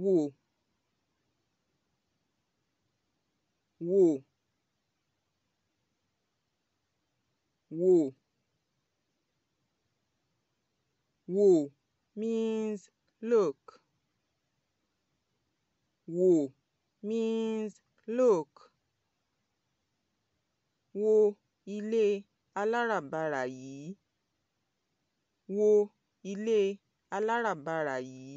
Wo, wo, wo, wo means look Wo means look wo ilé aláràbarà yìí wo ilé aláràbarà yìí